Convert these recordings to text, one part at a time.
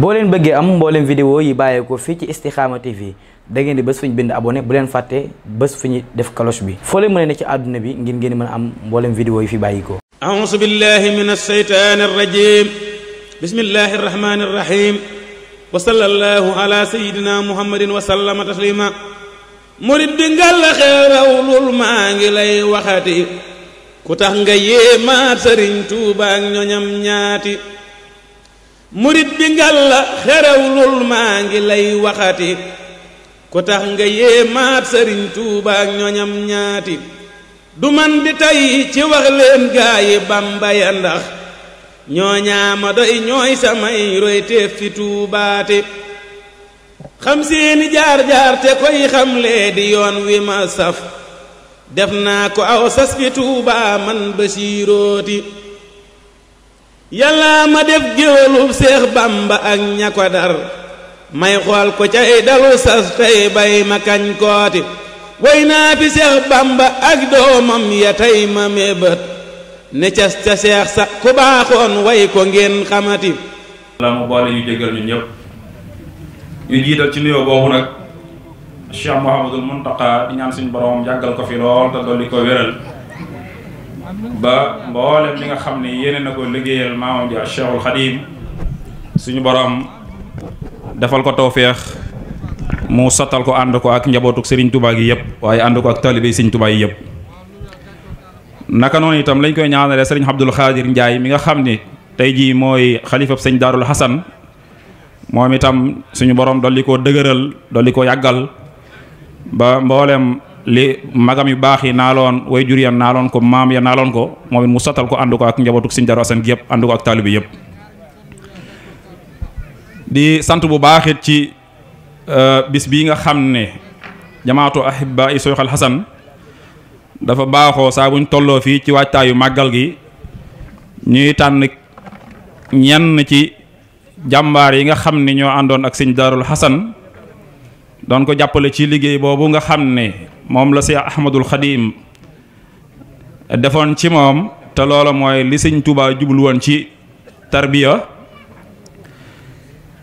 boo leen bëggee am mbooleem vidéo yi bàyyeekoo fii ci Istikhama TV da ngeen di bés fu ñu bind abonné bu leen fàtte bés fu def cloche bi foo leen mën a ne ci àdduna bi ngir ngeen mën am mbooleem vidéo yi fi bàyyikoo a'uuzu billahi min alsheytaani arrajim bismillahi arrahmani arrahim wa sallallahu ala sayidina muhammadin wa sallama taslima murit bi ngàlla xeeraw lul maa ngi lay waxati ku tax nga yéemaat sëriñ tuuba ak ñoñam ñaati murit bi ngal la xerewlul maa ngi lay waxati ku tax nga yéemaat sëriñ Tuuba ak ñoñam ñaati du man di tey ci wax leen gaa yi Bamba ya ndax ñoo ñaama ñooy samay roy teef fi tuubaati xam seeni jaar-jaar te koy xam lee di yoon wi ma saf def naa ko aw sas fi Tuuba man ba siirooti yàlla ma def géwélub seex bamba ak ña ko dar may xool ko cay dalu sas tey bay ma kañ kooti way naa fi seex bamba ak doomam ya tey ma mébët ne cas ca seex sa ku baaxoon way ko ngeen xamati la mu boole yu jégal ñun ñëpp yu jiital ci nuyoo boobu nag cheikh mouhamadul muntaqa di ñaan suñu boroom yàggal ko fi lool te dolli ko wéral ba mboolem li nga xam ne yéene na ko liggéeyal maamam ji ak Cheikhul Xadim suñu borom defal ko tawféex mu sottal ko ànd ko ak njabootuk sëriñ Touba gi yëpp waaye ànd ko ak taalibe sëriñ Touba yi yëpp naka noonu itam lañ koy ñaanale sëriñ Abdul Xaadir Njaay mi nga xam ni tey jii mooy xalifa sëñ Daarul Xasan moom itam suñu borom dolli koo dëgëral dolli ko yàggal ba mboolem li magam yu baax yi naaloon way jur ya naaloon ko maam ya naaloon ko moom it mu sottal ko ànd ko ak njabootuk Sëñ Daaru Asan gi yëpp ànd ko ak taalibe yëpp di sant bu baax ci euh, bis bii nga xam ne jamaatu ahibba i soyxal xasan dafa baaxoo saa buñ tolloo fii ci waajtaayu màggal gi ñuy tànn ñenn ci jàmbaar yi nga xam ne ñoo àndoon ak Sëñ Daarul Xasan doon ko jàppale ci liggéey boobu nga xam ne moom la Seex Ahmadul Xadiim defoon ci moom te loolo mooy li sëñ Tuubaa jubul woon ci tarbiya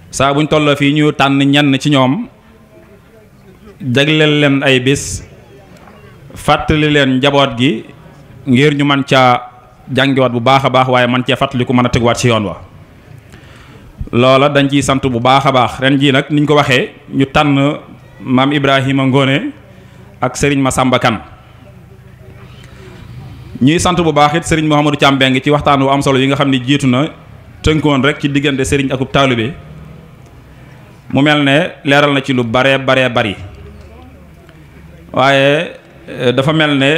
saa buñ toll fii ñu tànn ñenn ci ñoom jagleel leen ay bés fàttali leen njaboot gi ngir ñu mën caa jàngiwaat bu baax a baax waaye man cee fàttaliku mën a teguwaat ci yoon wa loolo dañ ciy sant bu baax a baax ren jii nag niñ ko waxee ñu tànn maam Ibrahima ngoone ak sëriñ Masamba Kan ñuy sant bu baax it sëriñ Mouhamadou Thiam Beng ci waxtaan wu am solo yi nga xam ne jiitu na tënkoon rek ci diggante sëriñ akub taalibe mu mel ne leeral na ci lu baree baree bari waaye eh, dafa mel ne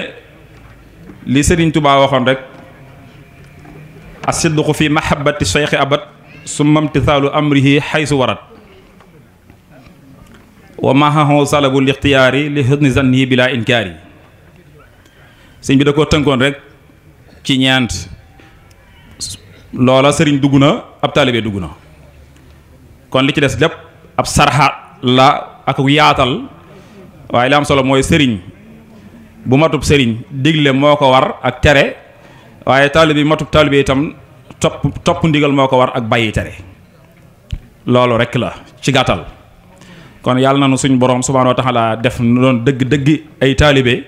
li sëriñ Touba waxoon rek asidqu fi mahabbati cheikhi abad summa imtithaalu amrihi xaysu warat wa mahahu salabul ixtiyaari li xusni zanni bila inkaari sëñ bi da koo tënkoon rek ci ñaant loola sëriñ dugg na ab taalibe dugg na kon li ci des lépp ab sarxaat la ak yaatal waaye li am solo mooy sëriñ bu matub sëriñ digle moo ko war ak tere waaye taalibe matub taalibe itam topp topp ndigal moo ko war ak bàyyi tere loolu rek la ci gàttal kon yàlla na nu suñu borom subhaanahu wa taala def nu doon dëgg-dëgg ay taalibe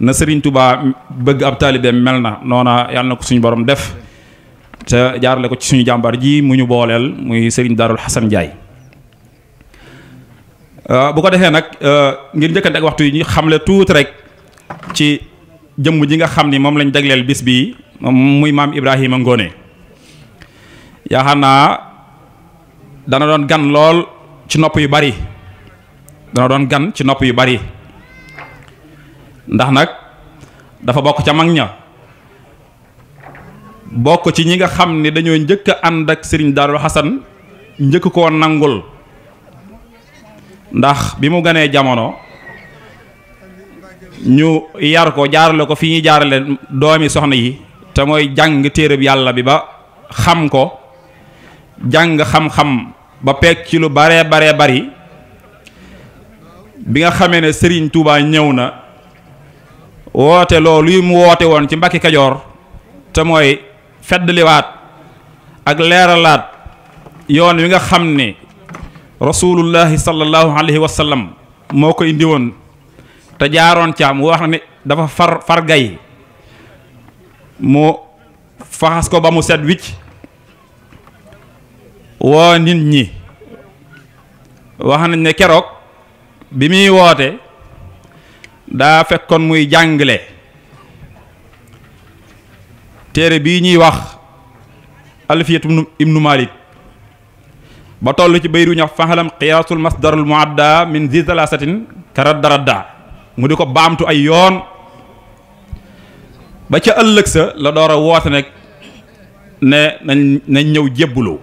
na Serigne Touba bëgg ab taalibe mel na noona yàlla na ko suñu borom def te jaarle ko ci suñu jàmbar ji mu ñu booleel muy sëriñ Darou Assane Ndiaye. Euh, bu ko defee nag euh, ngir njëkkante ak waxtu yi ñu xamle tuuti rek ci jëmm ji nga xam ni moom lañ jagleel bis bii muy maam Ibrahima Ngoné yaakaar naa dana doon gan lool ci nopp yu bari. dana doon gan ci nopp yu bari ndax nag dafa bokk ca mag ña bokk ci ñi nga xam ni dañoo njëkk a ànd ak sëriñ Daaru Xasan njëkk koo nangul ndax bi mu ganee jamono ñu yar ko jaarale ko fi ñuy jaarale doomi soxna yi te mooy jàng téereb yàlla bi ba xam ko jàng xam-xam ba peeg ci lu baree baree bari bi nga xamee ne sëriñ Touba ñëw na woote loolu yi mu woote woon ci Mbacke Kajoor te mooy feddliwaat ak leeralaat yoon wi nga xam ne rasulullahi sallallahu alayhi wa sallam moo koy indi te jaaroon caam mu wax ne dafa far fargay mu faxas ko ba mu set wicc woo nit ñi wax nañ ne keroog. bi muy woote daa fekkoon muy jàngale téere bii ñuy wax alfiyatu ibnu malik ba toll ci bayru ñax faxalam qiyaasul masdarul muadda min zi talaasatin karad mu di ko baamtu ay yoon ba ca ëllëg sa la door a woote nag ne nañ ñëw jébbuloo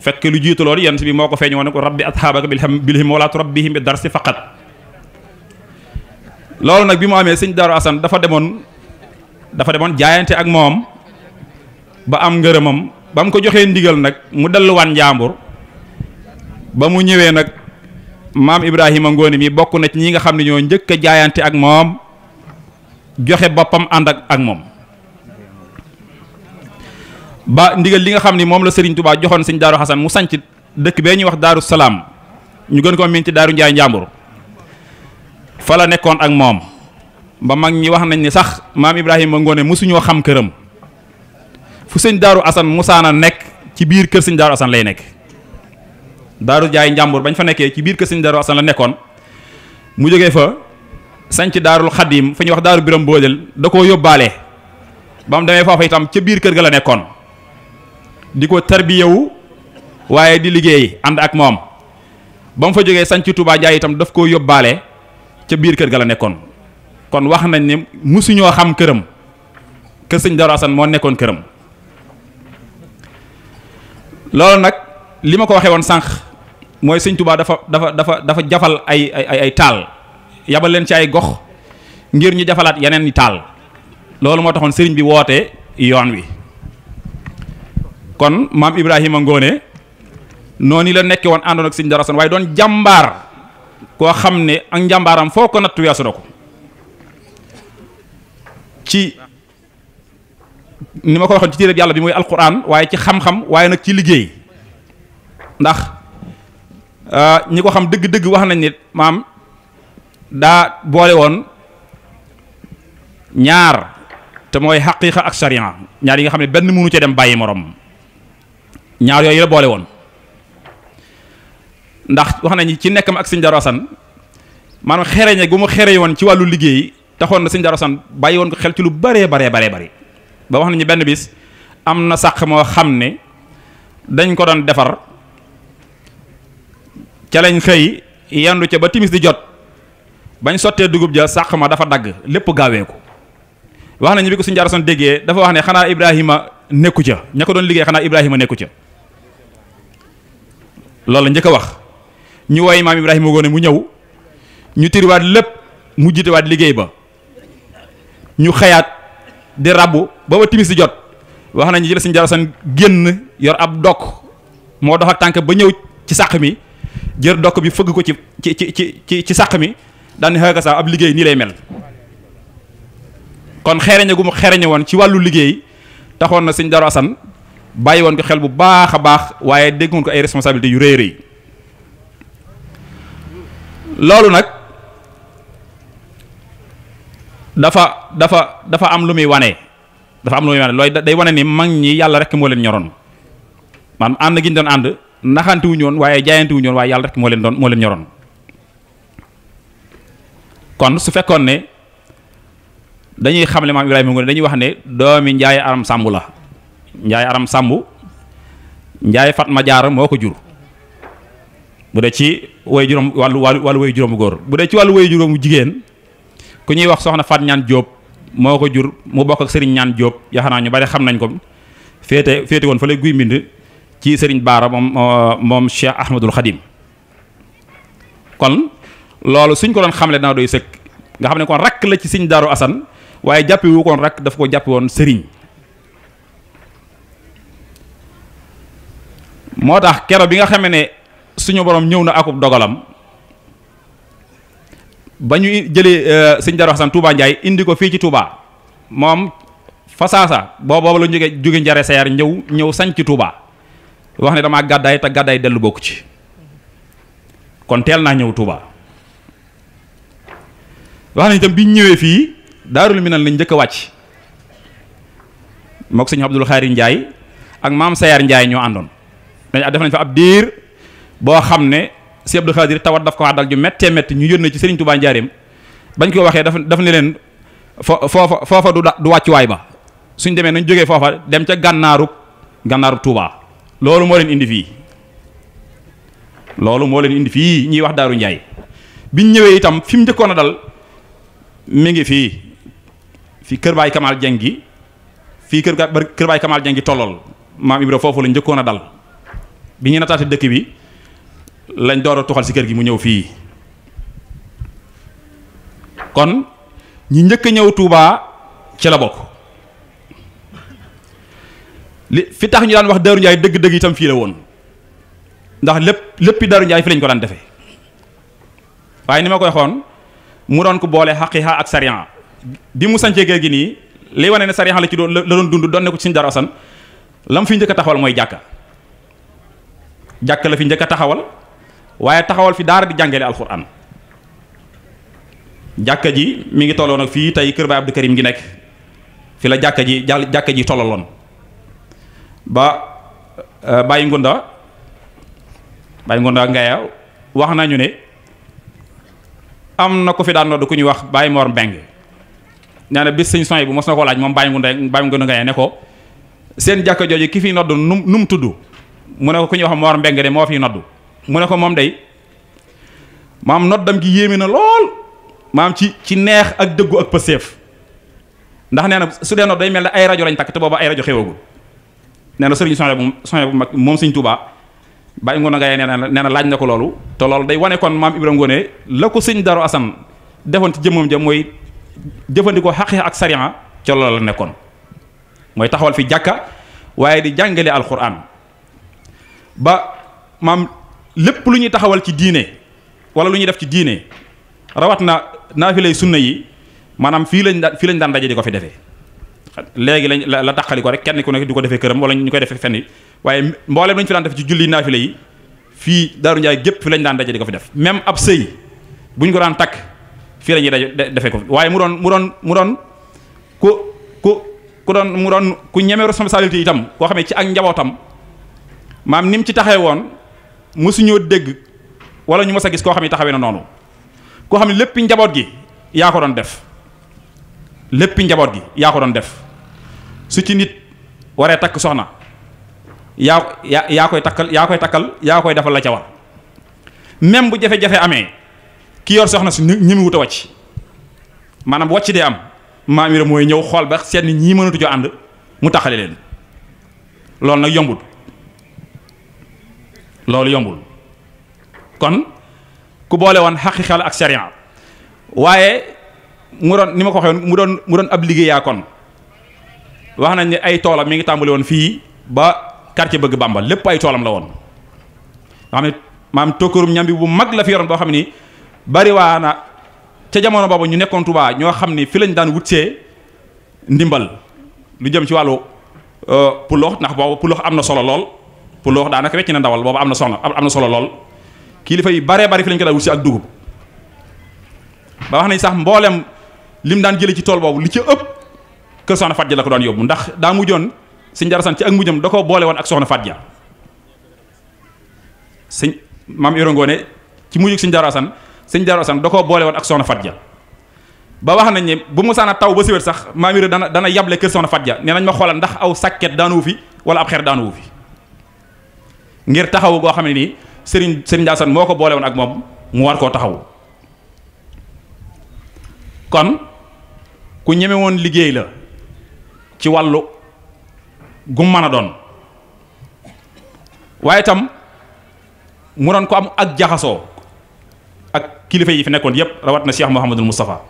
fekk lu jiitu loolu yonent bi moo ko feeñ woon ne ko rabbi asxaabaka bilhim wala turabbihim bi darsi faqat loolu nag bi mu amee sëñ Daaru Asan dafa demoon dafa demoon jaayante ak moom ba am ngërëmam ba mu ko joxee ndigal nag mu delluwaan njaambur ba mu ñëwee nag maam Ibrahima Ngoone mi bokk na ci ñi nga xam ne ñoo njëkk a jaayante ak moom joxe boppam ànd ak moom ba ndigal li nga xam ni moom la Serigne Touba joxoon sañ Daaru Xasan mu sanc dëkk bee ñu wax Daaru Salaam ñu gën koo miin ci Daaru Njaay Njàmbur fa la nekkoon ak moom ba mag ñi wax nañ ni sax maam ibrahim Ibrahima Ngoone mosuñoo xam këram fu sëñ Daaru Asan musaana nekk ci biir kër sëñ Daaru Asan lay nekk Daaru Njaay Njàmbur bañ fa nekkee ci biir kër sëñ Daaru la nekkoon mu jógee fa sanc daarul xadim fa ñuy wax daaru biram boodel da koo yóbbaale ba mu demee foofa itam ca biir kër ga la nekkoon di ko tarbiyewu waaye di liggéey ànd ak moom ba mu fa jógee sañc tubaa Ndiaye itam daf koo yóbbaale ca biir kër ga la nekkoon kon wax nañ ne musuñoo xam këram kër sëñ Darou Assane moo nekkoon këram loolu nag li ma ko waxee woon sànq mooy sëñ tubaa dafa dafa dafa dafa jafal ay ay ay taal yabal leen ci ay gox ngir ñi jafalaat yeneen i taal loolu moo taxoon sëriñ bi woote yoon wi. kon maam Ibrahima Ngoone noonu la nekke woon àndoon ak sëñ Darou Assane waaye doon jàmbaar koo xam ne ak njàmbaaram foo ko natt weesu na ko ci ni ma ko waxoon ci téereb yàlla bi muy alquran waaye ci xam-xam waaye nag ci liggéey ndax euh, ñi ko xam dëgg-dëgg wax nañ ne maam daa boole woon ñaar te mooy xaqiiqa ak sariya ñaar yi nga xam ne benn mënu ca dem bàyyi morom. ñaar yooyu la boole woon ndax wax nañu ci nekkam ak sëñ Darou Assane maanaam xereñe gu mu xere woon ci wàllu liggéey taxoon na sëñ Darou Assane bàyyi woon ko xel ci lu baree baree baree bari ba wax nañu benn bis am na sàq moo xam ne dañ ko doon defar ca lañ xëy yandu ca ba timis di jot bañ sottee dugub ja sàq ma dafa dagg lépp gaawee ko wax nañu bi ko sëñ Darou Assane déggee dafa wax ne xanaa Ibrahima nekku ca ña ko doon liggéey xanaa Ibrahima nekku ca loolu la njëkk a wax ñu woy maam Ibrahima Ngoné mu ñëw ñu tiriwaat lépp mu jiitewaat liggéey ba ñu xëyaat di rabbu ba ba timis jot wax nañu jël sëñ jarasan génn yor ab dokk moo dox tànk ba ñëw ci saq mi jër dokk bi fëgg ko ci ci ci ci ci sàq mi daan ne ab liggéey nii lay mel kon xereñe gu mu xereñe woon ci wàllu liggéey taxoon na sëñ jarasan bàyyi woon ko xel bu baax a baax waaye déggoon ko ay responsabilités yu rëy rëy loolu nag dafa dafa dafa am lu muy wane dafa am lu muy wane looy day wane ni mag ñi yàlla rekk moo leen ñoroon man ànd gi ñu doon ànd naxante wuñu woon waaye jaayante wuñu woon waaye yàlla rek moo leen doon moo leen ñoroon kon su fekkoon ne dañuy xamle maam Ibrahima Ngoné dañuy wax ne doomi njaay aram sàmbu la njaay aram sàmb njaay fatma jaara moo ko jur bu dee ci way juróom wàllu wàllu way juróomu góor bu dee ci wàllu way juróomu jigéen ku ñuy wax soxna fat ñaan jóob moo ko jur mu bokk ak sëriñ ñaan jóob yaxanaa ñu bari xam nañ ko féete féete woon fa lay guy mbind ci sëriñ baara moom moom cheikh ahmadul xadim kon loolu suñ ko doon xamle dana doy sëkk nga xam ne kon rakk la ci sëriñ daaru asan waaye jàppewu koon rakk dafa ko jàppe woon sëriñ moo tax kero bi nga xamee ne suñu borom ñëw na akub dogalam ba ñu jëlee euh, sëñ Darou Assane Touba njaay indi ko fii ci Touba moom fasaasa boo boobu la jóge jóge njare sayar ñëw ñëw sañ ci Touba wax ne damaa gàddaay te gàddaay dellu bokku ci kon teel naa ñëw Touba wax nañ itam biñ ñëwee fii daarul na lañ njëkk a wàcc mook sëñ Abdul Xaari Ndiaye ak maam Sayar Ndiaye ñoo àndoon dañ def nañ fa ab diir boo xam ne Sëñ Abdou Khadir tawat daf ko wax dal ju méttee métti ñu yónnee ci Serigne Touba Njaareem bañ ko waxee daf daf ne leen fo foofa du du du wàccuwaay ba suñ demee nañ jógee foofa dem ca gànnaarug gànnaarug Touba loolu moo leen indi fii loolu moo leen indi fii ñuy wax Daaru Njaay biñ ñëwee itam fi mu njëkkoon a dal mi ngi fii fii Kër Baay Kamal Jeng gi fii Kër Kër Baay Kamal Jeng gi tollol maam Ibra foofu la njëkkoon a dal. bi ñu nataati dëkk bi lañ door a tuxal si kër gi mu ñëw fii kon ñi njëkk a ñëw Touba ci la bokk li fi tax ñu daan wax Darou Ndiaye dëgg-dëgg itam fii la woon ndax lépp léppi Darou Ndiaye fi lañ ko daan defee waaye ni ma koy xoon mu doon ko boole xaqiiqa ak sariya di mu sancee kër gi nii li wane ne sariya la ci doon la doon dund doon ne ko ci suñu dara asan lam fi njëkk a taxawal mooy jàkka. jàkk la fi njëkk a taxawal waaye taxawal fi daara di jàngale alxuraan jàkka ji mi ngi tolloon ak fii tey kër Baay Abdou Karim gi nekk fi la jàkka ji jàll jàkka ji tollaloon ba euh, Baye Ngunda Baye Ngunda Ngaya wax nañu ne am na ko fi daan nodd ku ñuy wax bàyyi Mor Mbeng nee na bu mos na moom Baye Ngunda Baye Ngunda Ngaya ne ko seen jàkka jooju ki fi nodd num mu tudd mu ne ko ku ñuy wax Mor Mbeng de moo fi noddu mu ne ko moom day maam noddam gi yéeme na lool maam ci ci neex ak dëggu ak pëseef ndax nee na su dee nodd day mel ne ay rajo lañ takk te booba ay rajo xewagul nee na sëriñ Sonia bu bu mag moom sëriñ Tuubaa bàyyi ngoon a ngay nee na nee na laaj na ko loolu te loolu day wane kon maam Ibrahima Ngoone la ko sëñ daro Assane defoon ci jëmmam ja mooy jëfandikoo xaqi ak sariya ca loolu la nekkoon mooy taxawal fi jàkka waaye di jàngale alxuraan ba maam lépp lu ñuy taxawal ci diine wala lu ñuy def ci diine rawat na naafilay sunna yi maanaam fii lañ daan fii lañ daan daje di ko fi defee léegi lañ la taqali ko rek kenn ku nekk di ko defee këram wala ñu koy defee fenn waaye mbooleem lañ fi daan def ci julli naafile yi fii Daaru Njaay gépp fi lañ daan daje ko fi def même ab sëy bu ñu ko daan takk fii la ñuy daje defee ko waaye mu doon mu doon mu doon ku ku ku doon mu doon ku ñeme responsabilité itam koo xamee ci ak njabootam maam ni mu ci taxawee woon mosuñoo dégg wala ñu mos a gis koo xam ne taxawee na noonu koo xam ne lépp njaboot gi yaa ko doon def lépp njaboot gi yaa ko doon def su ci nit waree takk soxna yaa yaa yaa koy takkal yaa koy takkal yaa koy defal la ca war même bu jafe-jafe amee ki yor soxna si ñimi wut a wàcc maanaam wàcc dee am maam maamira mooy ñëw xool ba seen ni ñii mënatu joo ànd mu taxale leen loolu nag yombut loolu yombul kon ku boole woon xaqi xel ak sariya waaye mu doon ni ma ko waxee mu doon mu ab liggéeyaa kon wax nañ ne ay toolam mi ngi tàmbali woon fii ba quartier bëgg Bàmba lépp ay toolam la woon nga xam ne maam tokkarum ñambi bu mag la fi yoroon boo xam ni bari waa ca jamono boobu ñu nekkoon Tuubaa ñoo xam ni fi lañ daan wutsee ndimbal lu jëm ci wàllu euh, pulox ndax boobu pulox am na solo lool puloox nag wecc na ndawal boobu am na soxna am na solo lool kilifa yi baree bari fi lañ ko daa wut si ak dugub ba wax nañ sax mboolem lim daan jëlee ci tool boobu li ci ëpp kër soxna Fatia la ko daan yóbbu ndax daa mujjoon sëñ Jara Sane ci ak mujjam da koo boole woon ak soxna Fatia sëñ Yoro Ngoone ci mujjug sëñ Jara Sane sëñ Jara Sane da koo boole woon ak soxna Fatia ba wax nañ bu mu saana taw ba siwét sax maam Yoro dana dana yable kër soxna Fatia nee nañ ma xoolal ndax aw sàkket daanuwu fi wala ab xeer daanuwu fi ngir taxawu goo xam ne nii sëriñ Serigne Ndiassane moo ko boole woon ak moom mu war koo taxawu kon ku ñeme woon liggéey la ci wàllu gum mën a doon waaye tam mu doon ko am ak jaxasoo ak kilifa yi fi nekkoon yépp rawat na Cheikh Mouhamadul Moustapha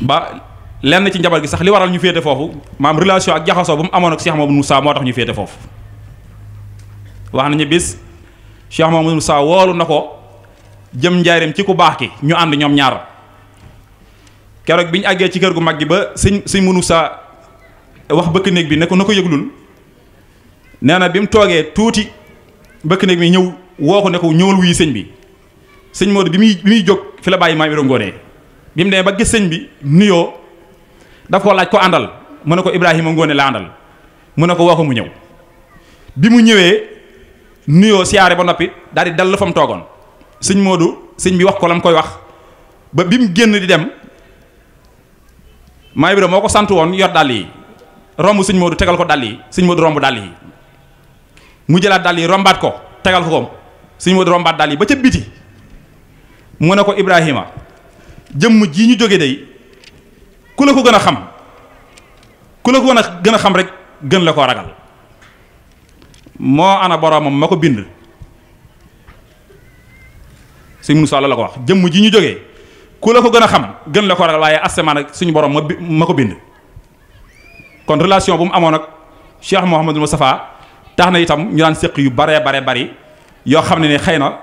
ba lenn ci njaboot gi sax li waral ñu féete foofu maam relation ak jaxasoo bu mu amoon ak Cheikh Mamadou Moussa moo tax ñu féete foofu wax nañu bis Cheikh Mamadou Moussa woolu na ko jëm njaareem ci ku baax ki ñu ànd ñoom ñaar keroog bi ñu àggee ci kër gu mag gi ba sëñ sëñ Mamadou Moussa wax bëkk néeg bi ne ko ko yëglul nee na bi mu toogee tuuti bëkk néeg bi ñëw woo ko ne ko ñëwal wuyu sëñ bi sëñ Maodo bi muy bi muy jóg fi la bàyyi maam Ibra Ngoone bi mu demee ba gis sëñ bi nuyoo. daf ko laaj ko àndal mu ne ko Ibrahima Ngoone la àndal mu ne ko woo ko mu ñëw bi mu ñëwee nuyoo siyaare ba noppi daal dall dal fa mu toogoon sëñ Modou sëñ bi wax ko lam koy wax ba bi mu génn di dem maa Ibrahima moo ko sant woon yor dàll yi romb sëñ Modou tegal ko dàll yi sëñ Modou romb dàll yi mu jëlaat dàll yi rombaat ko tegal ko ko sëñ Modou rombaat dàll yi ba ca biti mu ne ko Ibrahima jëmm ji ñu jóge day ku la ko gën a xam ku la ko gën a xam rek gën la ko ragal moo ana boroomam ma ko bind sëñ Moussa la ko wax jëmm ji ñu jógee ku la ko gën a xam gën la ko ragal waaye asamaan suñu borom ma ma ko bind kon relation bu mu amoon ak Cheikh Mouhamadul Moustapha tax na itam ñu daan séq yu baree bare bari yoo xam ne ni xëy na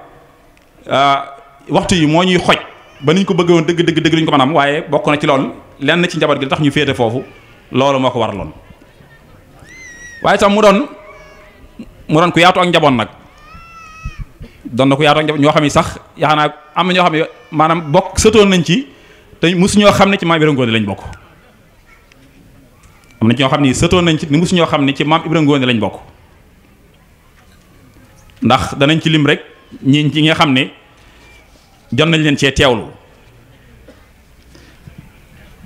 euh, waxtu yi moo ñuy xoj ba niñ ko bëggee woon dëgg dëgg dëgg duñ ko mën am waaye bokk na ci lool lenn ci njaboot gi tax ñu féete foofu loolu moo ko waraloon waaye tam mu doon mu doon ku yaatu ak njaboot nag doon na ku yaatu ak njaboot ñoo xam ne sax yaakaar am na xam maanaam bokk sëtoon nañ ci te mosu ñoo xam ne ci maam Ibra lañ bokk. am na ci ñoo xam ne sëtoon nañ ci ni ñoo xam ne ci maam Ibra Ngoone lañ bokk ndax danañ ci lim rek ñi ñi nga xam ne jot nañ leen cee teewlu.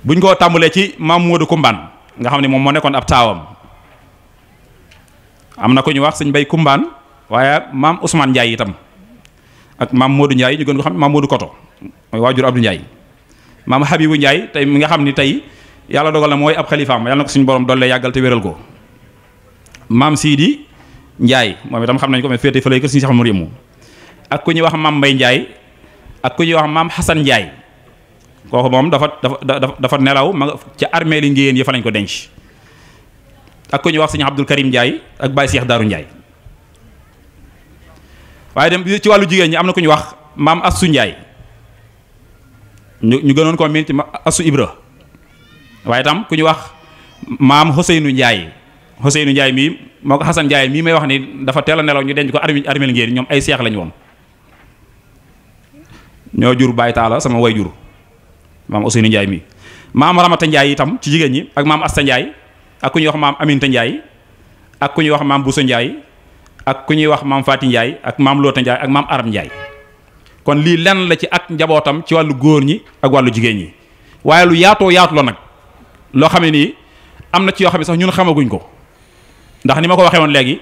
buñ koo tàmbalee ci maam Modou Kumbaan nga xam ne moom moo nekkoon ab taawam am na ko ñu wax sëñ Bay Kumbaan waaye maam Ousmane Ndiaye itam ak maam Modou Ndiaye ñu gën ko xam maam Modou Koto mooy waajur Abdou Ndiaye maam Habibou Ndiaye nga xam ni tey yàlla dogal na mooy ab xalifaam yàlla na ko suñu borom doole yàggal te wéral ko maam Sidi Ndiaye moom itam xam nañ ko mais féete fële ko suñu sax mu yëmu ak ku ñuy wax maam Mbay Ndiaye ak ku ñuy wax maam Xasan Ndiaye kooku moom dafa dafa dafa nelaw ma ca armée li ngéyéen yi fa ko denc ak ku ñu wax sëñ Abdul Karim Ndiaye ak Baye Cheikh Daaru Ndiaye waaye dem ci wàllu jigéen ñi am na ku ñu wax maam Assu Ndiaye ñu ñu gënoon koo miin ma Assu Ibra waaye tam ku ñu wax maam Ousseynou njaay Ousseynou Ndiaye mii moo ko Xasan Ndiaye mii may wax ni dafa teel a nelaw ñu denc ko armée armée ñoom ay seex lañu woon ñoo jur Baye Taala sama way jur maam nu Ndiaye mi maam Ramata Ndiaye itam ci jigéen ñi ak maam Asta Ndiaye ak ku ñuy wax maam Aminta Ndiaye ak ku ñuy wax maam Bousso njaay ak ku ñuy wax maam Fati Ndiaye ak maam Loota Ndiaye ak maam Aram Ndiaye kon lii lenn la ci ak njabootam ci wàllu góor ñi ak wàllu jigéen ñi waaye lu yaatoo yaatu la nag loo xam ne nii am na ci yoo xam ne sax ñun xamaguñ ko ndax ni ma ko waxee woon léegi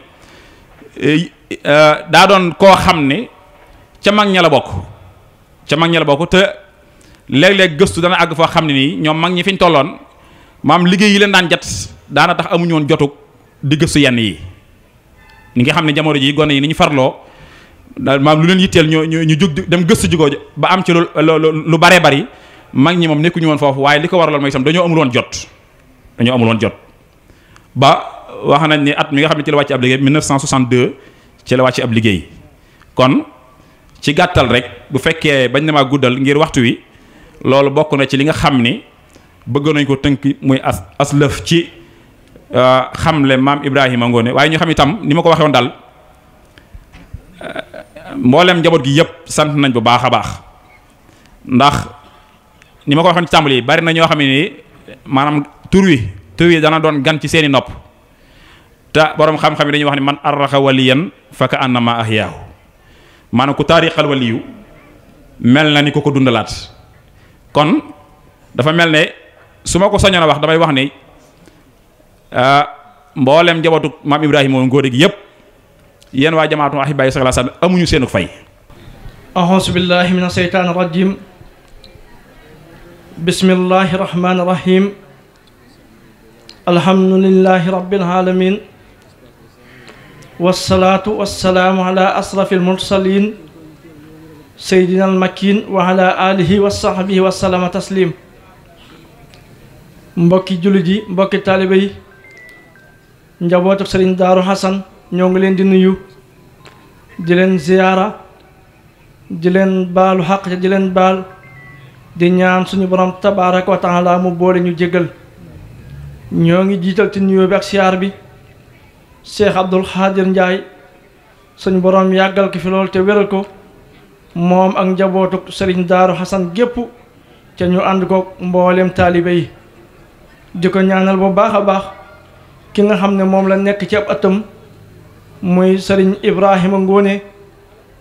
eh, eh, daa doon koo xam ne ca mag ña la bokk ca mag ña la bokk léeg-léeg gëstu dana àgg foo xam ne nii ñoom mag ñi fi ñu tolloon maam liggéey yi leen daan jat daana tax amuñu woon jotug di gëstu yenn yi ñi nga xam ne jamono ji gone yi ni ñu farloo maam lu leen yitteel ñu ñu ñu jug dem gëstu jugoo ba am ci lu lu bare bari mag ñi moom nekkuñu woon foofu waaye li ko waraloon mooy itam dañoo amul woon jot dañoo amul jot ba wax nañ ni at mi nga xam ne ci la wàcc ab liggéey 1962 ci la wàcc ab liggéey kon ci gàttal rek bu fekkee bañ na maa guddal ngir waxtu wi loolu bokk na ci li nga xam ni bëgg nañ ko tënk muy as aslëf ci euh, xamle maam Ibrahima Ngoone waaye ñu xam itam ni ma ko waxee woon daal euh, mboolem njaboot gi yëpp sant nañ bu baax a baax ndax ni ma ko waxoon ci tàmbali yi bari na ñoo xam ne ni maanaam tur wi dana doon gan ci seeni nopp te boroom xam-xam yi dañuy wax ne man arraxa waliyan faka annama ahyaahu maanaam ku taarixal waliyu mel na ni ko ko dundalaat kon dafa mel ne su ma ko soñoon a wax damay wax ni euh, mboolem njabootu maam Ibrahima woon góor gi yëpp yéen waa jamaatu Ahibahil sallallahu alayhi wa sallam amuñu seenu fay. أعوذ بالله من الشيطان الرجيم بسم الله الرحمن الرحيم الحمد لله رب seydina almakin wa ala alihi wa sahbihi wa salama taslim mbokki jullit yi mbokki taalibe yi njabootu sëriñ xasan ñoo ngi leen di nuyu di leen ziyaara di leen baalu xaq te di leen baal di ñaan suñu borom tabaraka wa taala mu boole ñu jégal ñoo ngi jiital ci nuyoo bi ak siyaar bi cheikh abdul xaadir njaay suñu borom yàggal ko fi lool te wéral ko moom ak njabootuk sëriñ daaru xasan gépp ca ñu ànd ko mboolem taalibe yi di ko ñaanal bu baax a baax ki nga xam ne moom la nekk ci ab atam muy sëriñ ibrahima ngóone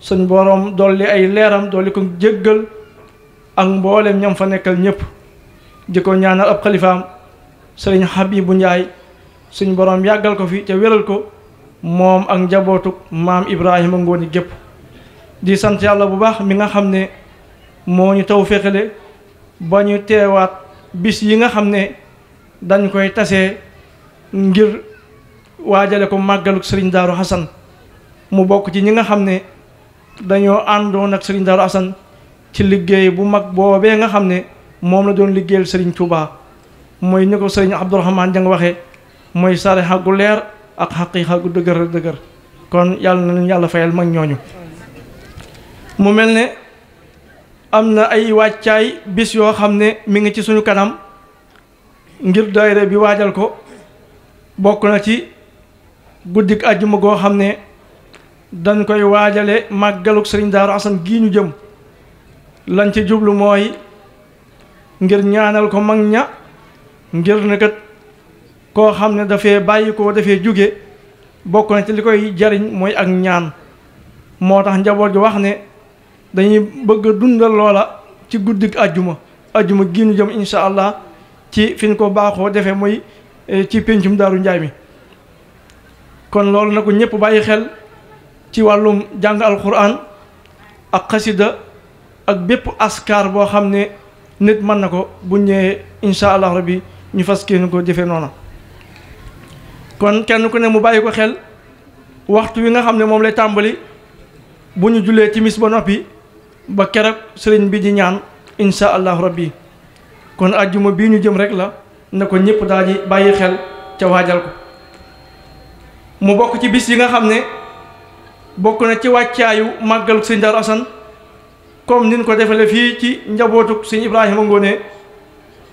suñ boroom dolli ay leeram dolli ko jéggal ak mboolem ñam fa nekkal ñépp di ko ñaanal ab xalifaam sëriñ xabibu njaay suñ boroom yàggal ko fi ca wéral ko moom ak njabootuk maam ibrahima ngóone gépp di sant yàlla bu baax mi nga xam ne moo ñu taw féexale ba ñu teewaat bis yi nga xam ne dañ koy tase ngir waajale ko màggaluk sëriñ daaru Hassan mu bokk ci ñi nga xam ne dañoo àndoon ak sëriñ daaru Hassan ci liggéey bu mag boobee nga xam ne moom la doon liggéeyal sëriñ Touba mooy ni ko sëriñ Abdourahmane jang waxee mooy sarixa gu leer ak xaqiixa gu dëgër dëgër kon yàlla na ñu yàlla fayal mag ñooñu mu mel ne am na ay wàccaay bis yoo xam ne mi ngi ci suñu kanam ngir daayira bi waajal ko bokk na ci guddik àjjuma goo xam ne dañ koy waajale màggaluk sëriñ Daaru Asan gii ñu jëm lañ ci jublu mooy ngir ñaanal ko mag ña ngir ne koo xam ne dafee bàyyi koo dafee jóge bokk na ci li koy jariñ mooy ak ñaan moo tax njaboot gi wax ne dañuy bëgg dundal loola ci guddik ajjuma ajjuma gii ñu jëm incha allah ci fi ñu ko baaxoo defee muy eh, ci péncum daaru njaay mi kon loolu na ko ñëpp bàyyi xel ci wàllum jàng alquran ak xasida ak bépp askar boo xam ne nit mën na ko bu ñëwee incha allah rabbi ñu fas kii ñu ko jëfee noona kon kenn ku ne mu bàyyi ko xel waxtu wi nga xam ne moom lay tàmbali bu ñu jullee timis ba noppi ba keroog sëriñ bi di ñaan insha allahu rabbi kon ajjuma bii ñu jëm rek la na ko ñëpp daal di bàyyi xel ca waajal ko mu bokk ci bis yi nga xam ne bokk na ci wàccaayu màggalu sëñ Daaru Asan comme nin ko defale fii ci njabootuk sëñ Ibrahima Ngoone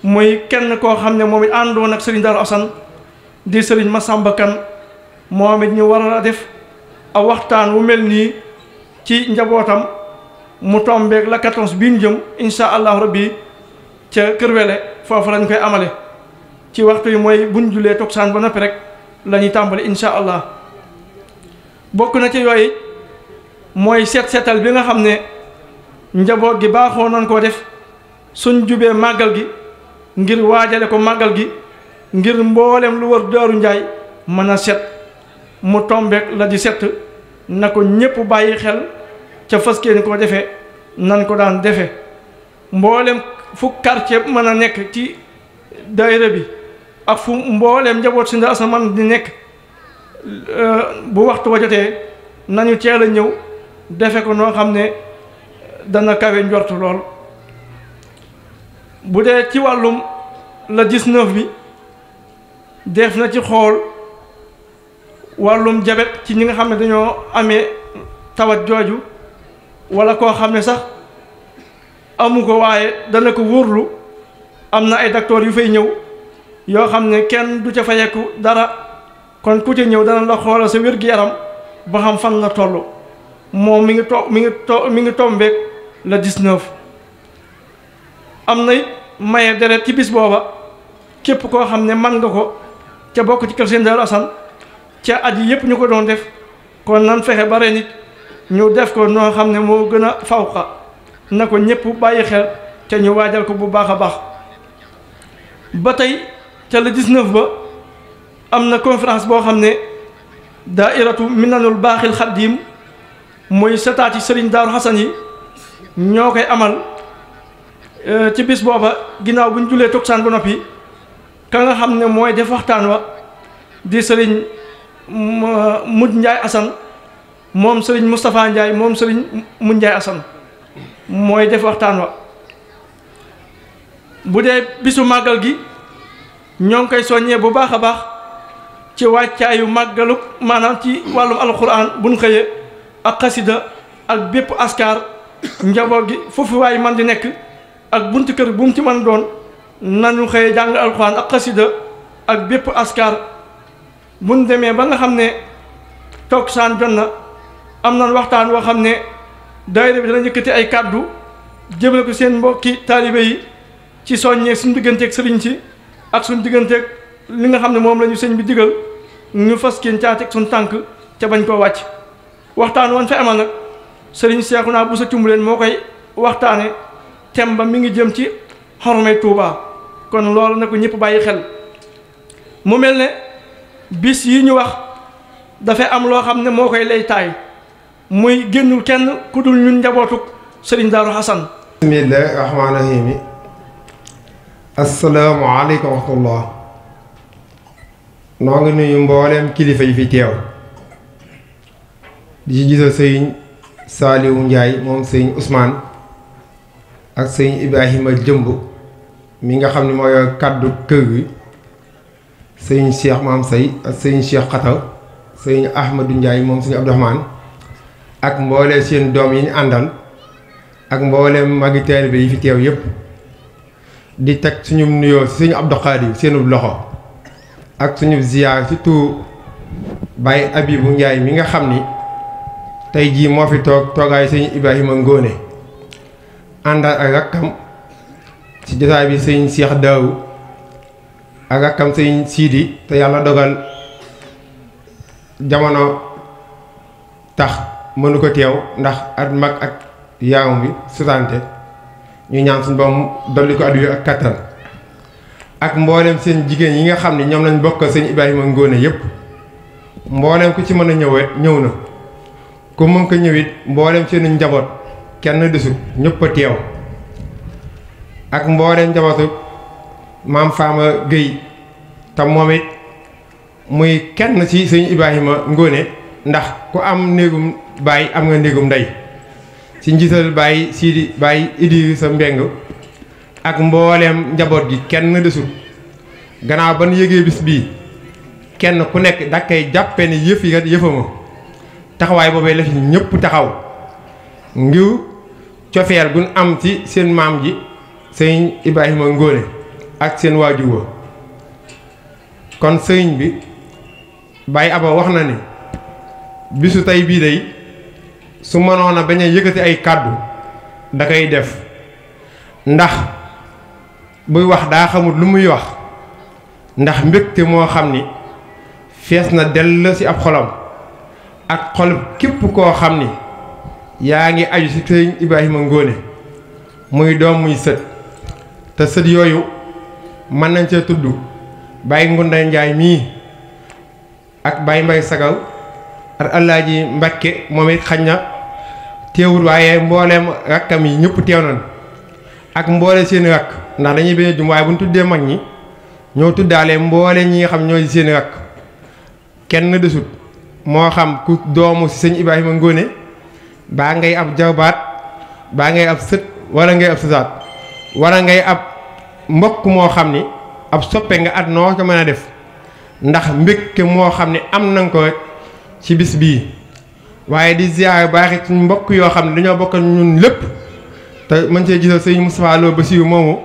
muy kenn koo xam ne moom it àndoon ak sëriñ Daaru Asan di sëriñ Masamba Kan moom it ñu war a def a waxtaan wu mel nii ci njabootam mu tombeeg la 14 bii ñu jëm incha allahu rabbi ca Kër Wele foofu lañ koy amale ci waxtu yi mooy buñ julee toksaan ba noppi rek lañuy tàmbali incha allah bokk na ci yooyu mooy seet seetal bi nga xam ne njaboot gi baaxoo nañ koo def suñ jubee màggal gi ngir waajale ko màggal gi ngir mboolem lu war Daaru Njaay mën a set mu tombeeg la di set na ko ñépp bàyyi xel ca fas yéene koo defe nan ko daan defe mboolem fu quartier mën a nekk ci daayira bi ak fu mbooleem njaboot si ndax sa man di nekk euh, bu waxtu wa jotee nañu teel a ñëw defe ko noo xam ne dana kawe njortu lool bu dee ci wàllum la 19 bi def na ci xool wàllum jabet ci ñi nga xam ne dañoo amee tawat jooju wala koo xam ne sax amu ko waaye dana ko wóorlu am na ay docteur yu fay ñëw yoo xam ne kenn du ca fayeku dara kon ku ca ñëw dana la xoolal sa wér-gi-yaram ba xam fan la toll moom mi ngi to mi ngi to mi ngi tombeek la 19 am na maye deret ci bis booba képp koo xam ne man nga ko ca bokk ci kër seen Daaru Asan ca at yi yëpp ñu ko doon def kon nan fexe bare nit ñu def ko noo xam ne moo gën a faw fawqa na ko ñëpp bàyyi xel te ñu waajal ko bu baax a baax ba tey ca le 19 ba am na conférence boo xam ne daairatu minanul baaxil diim mooy setaati sëriñ daaru xasan yi ñoo koy amal euh, ci bis booba ginnaaw bu ñu julee tuksaan ba noppi ka nga xam ne mooy def waxtaan wa di sëriñ mujj njaay asan moom sëriñ Moustapha Ndiaye moom sëriñ mu Ndiaye Assane mooy def waxtaan wa bu dee bisu màggal gi ñoo ngi koy soññee bu baax a baax ci wàccaayu màggalu maanaam ci wàllum alxuraan bu nu xëyee ak xasida ak bépp askar njaboot gi foofu waay man di nekk ak buntu kër bu mu ci mën doon nañu xëyee jàng alxuraan ak xasida ak bépp askar bu nu demee ba nga xam ne toog saan jot na am nañ waxtaan woo xam ne daayira bi dana yëkkati ay kàddu jëmale ko seen mbokki taalibe yi ci soññee suñu digganteeg sëriñ si ak suñu digganteeg li nga xam ne moom lañu ñu sëñ bi digal ñu fas kiin caateeg suñu tànk ca bañ koo wàcc waxtaan woon fa amal nag sëriñ bu Buso Cumbuleen moo koy waxtaane tem ba mi ngi jëm ci xormay Tuubaa kon loolu na ko ñëpp bàyyi xel mu mel ne bis yi ñu wax dafay am loo xam ne moo koy lay taay muy génn kenn ku dul ñun njabootuk sëriñ daaru xasan bismillahi rahmaani rahiim assalaamu aleykum wa rahmatullah noo ngi nuyu mbooleem kilifa yi fi teew di ci gisal saaliwu njaay moom sëriñ usmaan ak sëriñ ibrahima jëmb mi nga xam ne moo kàddu kër gi sëriñ cheikh maam say ak sëriñ cheikh xataw sëriñ ahmadu njaay moom sëriñ abdourahmaan ak mboole seen doom yi ñu àndal ak mboole magi bi yi fi teew yépp di teg suñu nuyoo si suñu Abdou Khadre seenu loxo ak suñu ziyaar surtout Baye Abibou njaay mi nga xam ni tey jii moo fi toog toogaay sëñ Ibrahima Ngóone àndal ak rakkam ci jotaay bi sëñ seex Daaw ak rakkam sëñ Sidi te yàlla dogal jamono tax mënu ko teew ndax at mag ak yaawam bi sutante ñu ñaan suñu boom dolli ko adduyo ak kattan ak mboolem seen jigéen yi nga xam ne ñoom lañ bokkal sëñ Ibrahima Ngóone yépp mboolem ku ci mën a ñëwee ñëw na ku mën ko ñëwit mboolem seen njaboot kenn desul ñëpp a teew ak mboolem njabootu maam Faama Gueye te moom it muy kenn ci sëñ Ibrahima Ngóone ndax ku am néegum baay am nga néegum ndey ci njiital baay siidi baay idi sa mbeng ak mbooleem njaboot gi kenn desul gannaaw ban yëgee bis bii kenn ku nekk da jàppe ni yëf yi kat yëfama taxawaay boobee la fi ñëpp taxaw ngir cofeel gun am ci seen maam ji sëñ Ibrahima Ngóone ak seen waajur wa kon sëñ bi Baye Aba wax na ni bisu tey bii day su mënoon a bañ a yëkkati ay kàddu da koy def ndax buy wax daa xamul lu muy wax ndax mbégte moo xam ni fees na dell ci ab xolam ak xol képp koo xam ni yaa ngi aju ci sëriñ Ibrahima Ngóone muy doom muy sët te sët yooyu mën nañ cee tudd Baye Ngunda Njaay mii ak bay Mbay Sagal ak Alaaji Mbàkke moom it xañ na teewul waaye mbooleem rakkam yi ñëpp teew nañ ak mboole seen rakk ndax dañuy bañ a jum waaye bu ñu tuddee mag ñi ñoo tuddaale mboole ñi nga xam ñooy seeni rakk kenn desut moo xam ku doomu si sëñ Ibrahima Ngóone baa ngay ab jarbaat baa ngay ab sët wala ngay ab sësaat wala ngay ab mbokk moo xam ni ab soppe nga at noo ko mën a def ndax mbégte moo xam ne am na ko ci bis bii waaye di ziar baaxee ci mbokk yoo xam ne dañoo bokk ñun lépp te mën cee gisal sëñ Moustapha Lo Bassirou moomu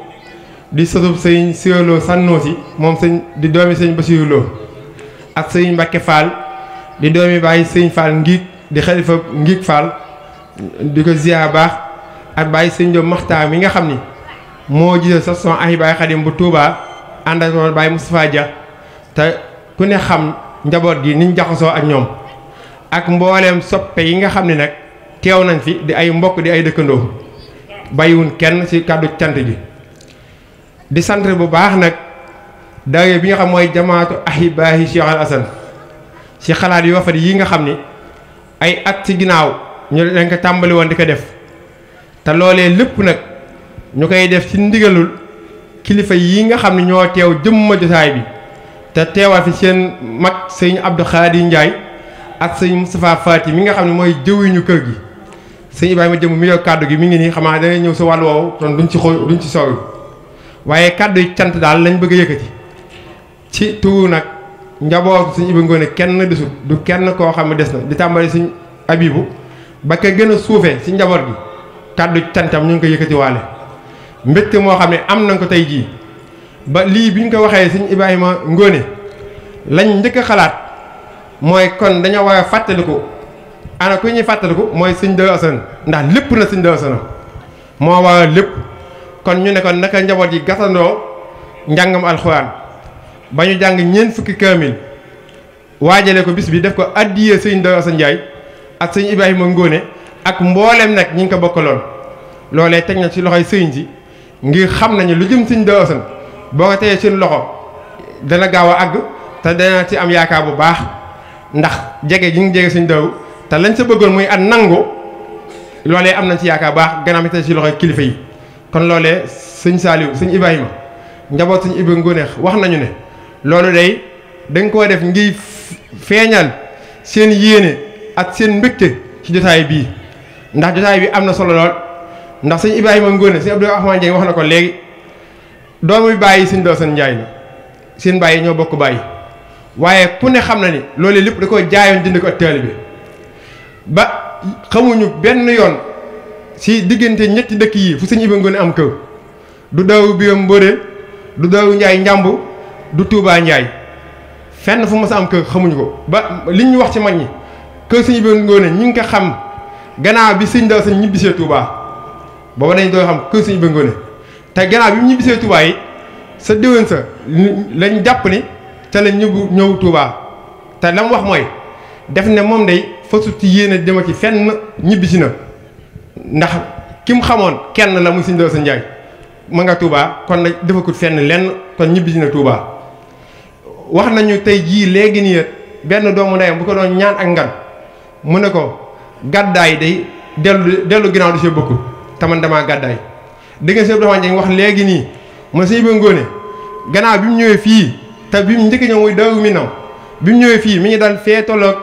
di sotub sëñ Siré Lo Sannoosi moom sëñ di doomi sëñ Bassirou Lo ak sëñ Mbacke Fall di doomi bàyyi sëñ Fall ngiig di xalifa ngiig Fall di ko ziar baax ak bàyyi sëñ Diop Maxtaar mi nga xam ni moo gisal sa son ay bàyyi xadim bu Touba ànd ak woon bàyyi Moustapha Dia te ku ne xam njaboot gi niñ jaxasoo ak ñoom ak mboolem soppe yi nga xam ni nag teew nañ fi di ay mbokk di ay dëkkandoo bàyyiwun kenn ci kàddu cant gi di sant bu baax nag daayira bi nga xam mooy jamaatu ahibaahi Cheikh Al Hassane ci xalaat yu rafet nga xam ni ay at ci ginnaaw ñu leen ko tàmbali di ko def te loolee lépp nag ñu koy def ci ndigalul kilifa yi nga xam ni ñoo teew jëmma jotaay bi te teewal fi seen mag sëñ Abdou Khadi Ndiaye ak mu sëñ faat yi mi nga xam ne mooy ñu kër gi sëñ Ibrahima jëm mi yor kàddu gi mi ngi nii xam naa dana ñëw sa wàllu woowu kon duñ ci xool ci sori waaye kàddu yi cant daal lañ bëgg a yëkkati ci turu nag njabootu sëñ Ibra Ngoone kenn desut du kenn koo xam ne des na di tàmbali sëñ Abibu ba ka gën a suufee ci njaboot gi kàddu cantam ñu ngi ko yëkkatiwaale mbégte moo xam ne am nañ ko tey jii ba lii bi ñu ko waxee sëñ Ibrahima Ngoone lañ njëkk a xalaat. mooy kon dañoo war a fàttaliku ana ku ñuy fàttaliku mooy sëñ Daaru Asan ndax lépp na sëñ Daaru Asan moo war a lépp kon ñu ne kon naka njaboot yi gasandoo njàngam alxuraan ba ñu jàng ñeent fukki kaamil waajale ko bis bi def ko addiyee sëñ Daaru Asan Njaay ak sëñ Ibrahima Ngóone ak mboolem nekk ñi ngi ko bokkaloon loolee teg na ci loxoy sëñ ji ngir xam nañu lu jëm sëñ Daaru Asan boo ko teyee seen loxo dana gaaw a àgg te dana ci am yaakaar bu baax ndax jege gi ñu jege sëñ Daawuda te lañ sa bëggoon muy at nangu loolee am nañ ci yaakaar baax gannaaw mi tey ci loxo kilifa yi kon loolee sëñ Saliou sëñ Ibrahima njaboot sëñ Ibrahima Ngoneex wax nañu ne loolu day dañ koo def ngir feeñal seen yéene ak seen mbégte ci jotaay bii ndax jotaay bi am na solo lool ndax sëñ Ibrahima Ngone sëñ Abdou Rahmane wax na ko léegi doomu bàyyi sëñ Dawson Njaay la seen bàyyi ñoo bokk bàyyi waaye ku ne xam na ni loolu lépp da koy jaayoon jënd ko ak taalibe ba xamuñu benn yoon si diggante ñetti dëkk yi fu sëñ Iba Ngoné am kër du daaw biam mbëre du daaw njaay njàmb du tuubaa njaay fenn fu mas a am kër xamuñu ko ba li ñu wax ci mag ñi kër sëñ Iba Ngoné ñi ngi ko xam gannaaw bi sëñ daw sëñ ñibbisee tuubaa booba dañ doo xam kër sëñ Iba Ngoné te ganaaw bi mu ñibbisee tuubaa yi sa déwén sa lañ jàpp ni te la ñëw ñëw Touba te lam wax mooy def ne moom day fasu ci yéene jëma ci fenn ñibbisi na ndax ki xamoon kenn la muy Sëñ Doosa Njaay ma nga tuubaa kon nag defakut fenn lenn kon ñibbisi na tuubaa wax nañu tey jii léegi nii benn doomu ndeyam bu ko doon ñaan ak ngan mu ne ko gàddaay day dellu dellu ginnaaw du see bokk te man damaa gàddaay dégg nga sëñ Abdou wax léegi nii mu ne sëñ bi Ngóone gannaaw bi mu ñëwee te bi mu njëkk ñëw mooy mi naw bi mu ñëwee fii mi ngi daan fee tolloog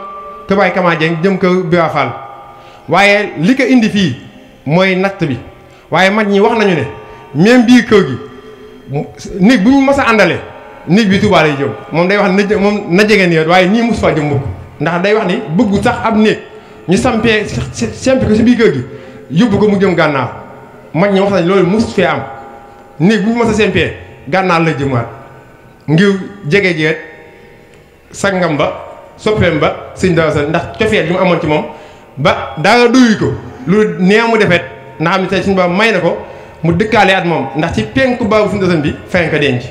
Touba Kama Dieng jëm kër Bira fal waaye li ko indi fii mooy natt bi waaye mag ñi wax nañu ne même biir kër gi nit bu ñu mës a àndale nit bi Touba lay jëm moom day wax na na jege nii waaye nii mos fa jëm bokk ndax day wax ni bëggu sax ab néeg ñu sampee sampe ko si biir kër gi yóbbu ko mu jëm gànnaaw mag ñi wax nañ loolu mos fee am néeg bu ñu mës a sampee gànnaaw lay jëmaat jege jeet sangam ba soppeem ba sëñ Daaru ndax cofeel li mu amoon ci moom ba daa doyu ko lu neew mu defet nga am ne tey suñu may na ko mu dëkkaale at moom ndax ci penku baabu suñu dasan bi fenk ko denc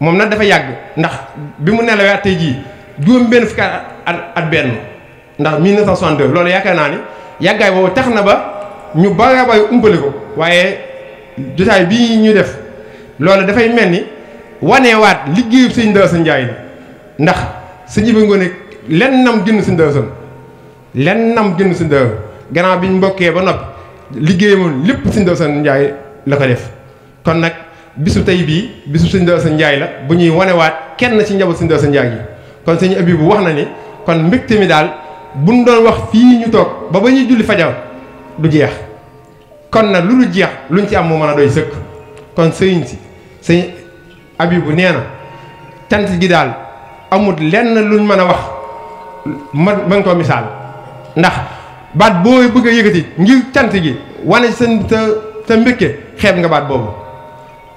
moom nag dafa yàgg ndax bi mu nelawee at tey jii juróom benn fukki at at benn ndax 1962 loolu yaakaar naa ni yàggaay boobu tax na ba ñu baax a bàyyi ko waaye jotaay bii ñuy def loolu dafay mel ni wanewaat liggéeyu sëñ Daaru Asan Njaay ndax sëñ Ibu Ngoone lenn nam génn sëñ Daaru lenn nam génn si Daaru gannaaw bi ñu mbokkee ba noppi liggéey lépp sëñ Daaru Asan Njaay la ko def kon nag bisu tey bii bisu sëñ Daaru sa Njaay la bu ñuy wanewaat kenn ci njaboot sëñ Daaru Asan Njaay yi kon sëñ bu wax na ni kon mbégte mi daal buñ doon wax fii ñu toog ba ba ñuy julli fajar du jeex kon na lu du jeex luñ ci am moo mën a doy sëkk kon sëriñ si sëñ Abibu nee na cant gi daal amut lenn luñ mën a wax ma mën koo misaal ndax baat boo bëgg a yëkkati ngir cant gi wane sa sa sa mbëkke xeeb nga baat boobu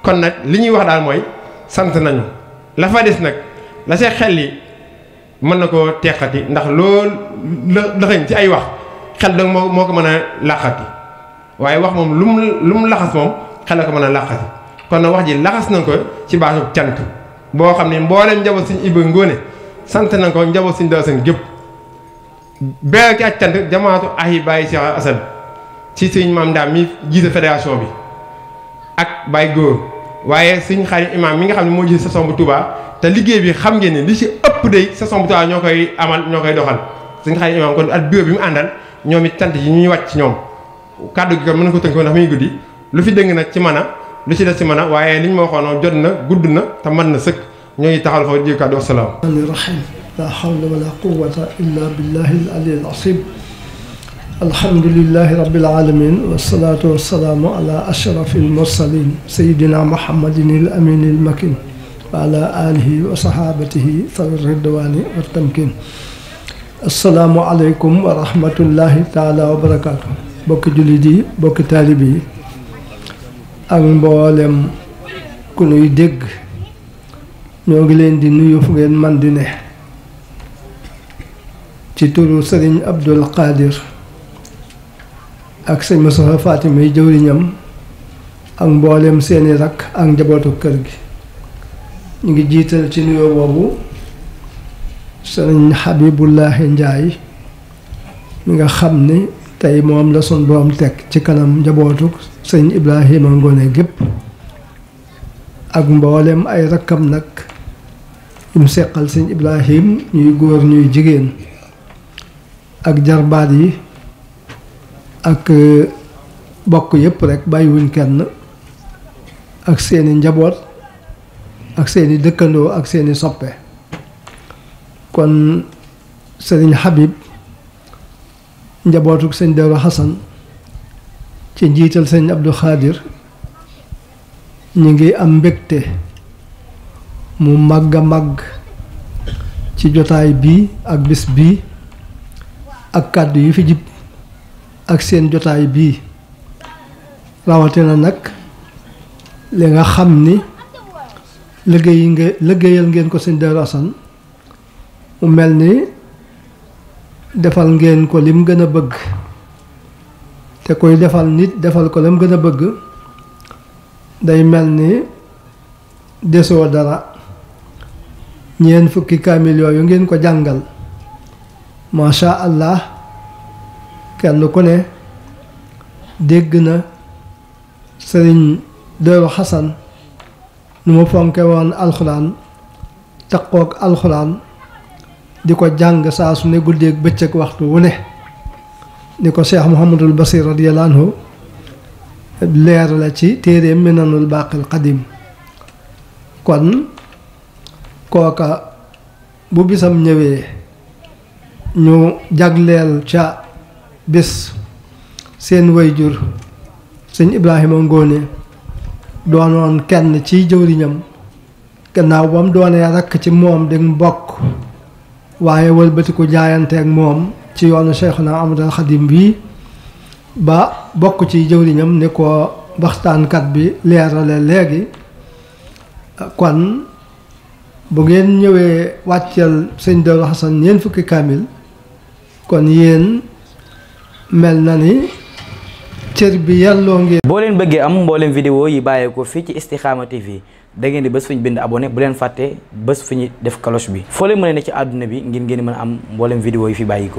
kon nag li ñuy wax daal mooy sant nañu la fa des nag la see xel yi mën na koo teqati ndax loo la dëxëñ ci ay wax xel danga moo moo ko mën a làqati waaye wax moom lu mu lu mu laxas moom xel la ko mën a làqati kon na wax ji laxas nañ ko ci baatu cant boo xam ne mbooleem njaboot siñ Ibra Ngoone sant nañ ko njaboot siñ Daaru Salaam gépp beral ci ak cant jamaatu ahi bàyyi Cheikh Assane ci suñ maam ndaam mi jiite fédération bi ak bàyyi góor waaye siñ xarit imam mi nga xam ne moo jiite saison bu Touba te liggéey bi xam ngeen ne li ci ëpp day saison bu Touba ñoo koy amal ñoo koy doxal suñ xarit imam kon at bureau bi mu àndal ñoom it cant yi ñuy wàcc ñoom kàddu gi mën ko tënk mën lu ci des ci mën a waaye liñ ma waxoon jot na gudd na te mën na sëkk ñoo ngi taxal foofu di kàddu wasalaam rahim la hawla wala quwwata illa billahi al ali al asim alhamdulillahi rabbil alamin wassalatu wassalamu ala ashraf al mursalin sayidina muhammadin al amin al makin wa ala alihi wa sahabatihi sawir ridwani wa tamkin assalaamu aleykum wa rahmatullahi taala wa barakatuh bokki jullit yi bokki taalib yi ak mboolem ku nuy dégg ñoo ngi leen di nuyu fu ngeen man di ne ci turu sëriñ Abdul Qadir ak sëñ Moussa Fatima yi jëwriñam ak mboolem seeni rakk ak njabootu kër gi ñu ngi jiital ci nuyoo boobu sëriñ Habibullahi Njaay mi nga xam ni tey moom la sun borom teg ci kanam njabootu sëñ Ibrahima Ngoone gépp ak mboolem ay rakkam nag yum seqal sëñ Ibrahim ñuy góor ñuy jigéen ak jarbaat yi ak euh, bokk yépp rek bàyyiwuñ kenn ak seeni njaboot ak seeni dëkkandoo ak seeni soppe kon sëriñ Habib njabootuk sëñ Daaru Xasan ci njiital seen Abdou Khadir ñu ngi am mbégte mu màgg a màgg ci jotaay bii ak bis bii ak kàddu yi fi jib ak seen jotaay bii rawatina nag li nga xam ni liggéey nga liggéeyal ngeen ko sëñ Darou mu mel ni defal ngeen ko lim gën a bëgg te koy defal nit defal ko lam gën a bëgg day mel ni desoo dara ñeent fukki kaamil yooyu ngeen ko jàngal macha allah kenn ku ne dégg na sëriñ Doro Xasan nu mu fonke alxuraan taqoog alxuraan di ko jàng saa su ne guddeeg bëccëg waxtu wu ne ni ko cheikh Mouhamadul Basir radiyallahu leer la ci téere téeréem nanul baqil qadim kon kooka bu bisam ñëwee ñu jagleel ca bis seen wayjur sëñ Ibrahima Ngóone doonoon kenn ci jëwriñam gannaaw ba mu doonee rakk ci moom di mbokk waaye wëlbatiku jaayante ak moom ci yoonu Cheikhuna Amadou Khadim bii ba bokk ci jëwriñam ni ko waxtaankat bi leerale léegi kon bu ngeen ñëwee wàcceel sëñ Daaru Xasan ñeent fukki kaamil kon yéen mel na ni cër bi yàlloo ngeen. boo leen bëggee am mboolem vidéo yi bàyyeekoo fii ci Istikhama TV da ngeen di bés fu bind abonné bu leen fàtte bés fu ñu def cloche bi foo leen mën ne ci àdduna bi ngir ngeen mën a am mboolem vidéo yi fi bàyyeekoo.